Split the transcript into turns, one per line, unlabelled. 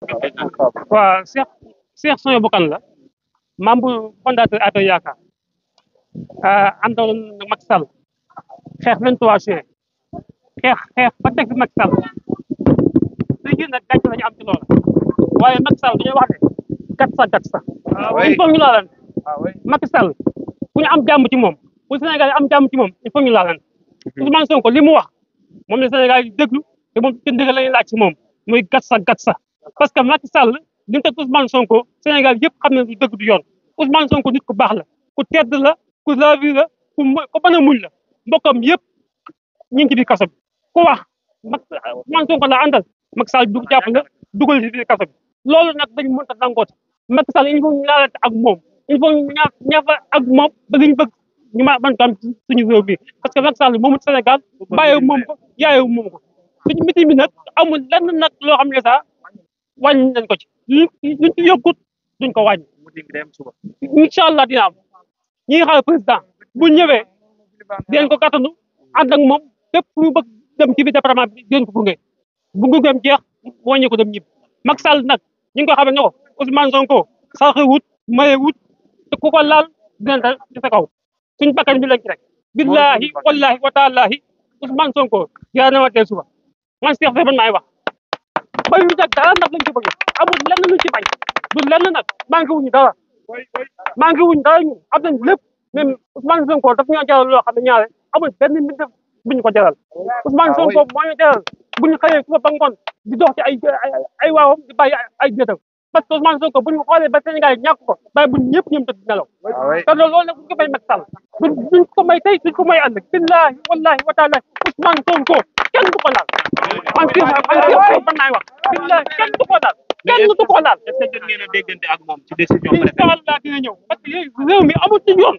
waa waaw Cheikh Cheikh Souhaibou Kane la membre fondateur APR Yaakaar ah, àndoon Macky Sall xeex 23 juin xeex xeex ba teg fi Macky Sall su gén nag gàcce la ñu am ci loola waaye Macky Sall dañuy wax ne gat sa gat sa ah, il faut ñu laalante ah, Macky Sall bu am jàmm ci moom bu Sénégal am jàmm ci moom il faut ñu li mu wax moom la senegal yi déglu te moom ci ndigal la ñuy laaj ci moom mooy gat sa gat parce que Macky Sall li mu Sonko Sénégal yépp xam na du dëgg du yoon Ousmane Sonko nit ku baax la ku tedd la ku lavi la ku ku mën a muñ la mbokkam yëpp ñu ngi ci biir kaso bi ku wax Ousmane Sonko la àndal Macky Sall du jàpp la dugal ci biir kaso loolu nag dañ mënta nangooti Macky Sall il faut ñu laalante ak moom il faut ñu ñaa ñaafa ak moom ba li ñu ñu ma mën ko am suñu réew bi parce que Macky Sall moomu Sénégal bàyyi moom ko yaayu moom ko suñu meeting bi nag amul lenn loo xam ne sax wàññi nañ ko ci luñ ci yokkut duñ ko wàññi incha allah dina am ñi nga xam ne président bu ñëwee dinañ ko kattanu ànd ak moom lépp lu bëgg ci biir département bi dinañ ko gunge bu gungeem jeex wàññi ko dem ñib Macky nag ñi ngi ko xam ne ko Sonko sarxe wut maye wut te ku ko laal dinañ la ci sa kaw suñ bakkan bi lañ ci rek billahi wallahi wa taalahi Ousmane Sonko yaa na wa man Cheikh Sèye man maay wax bañu nag dara na lañ ci bëgg amul lenn luñ ci bañ du lenn nag manqué wuñu dara manqué wuñu dara ñun am nañ lépp même Ousmane Sonko daf ñoo jaral loo xam ne ñaare amul benn mbir def buñu ko jaral Ousmane ah Sonko moo ñu jaral buñu xëyee suba ba ngoon di dox ci ay ay waawam di ay gétam parce que Ousmane Sonko buñu xoolee ba Sénégal ko bàyyi buñ ñëpp ñoom tëdd nelaw ah te loolu loolu nag buñu ko may Macky Sall buñ ko may tey suñ ko may ànd billahi wallahi wa taala Ousmane Sonko kenn du ko laal man fii man fii man naay wax billahi kenn du ko laal kenn du ko laal est-ce que jot ngeen a déggante ak moom ci décision préfet incha allah dina ñëw parce que réew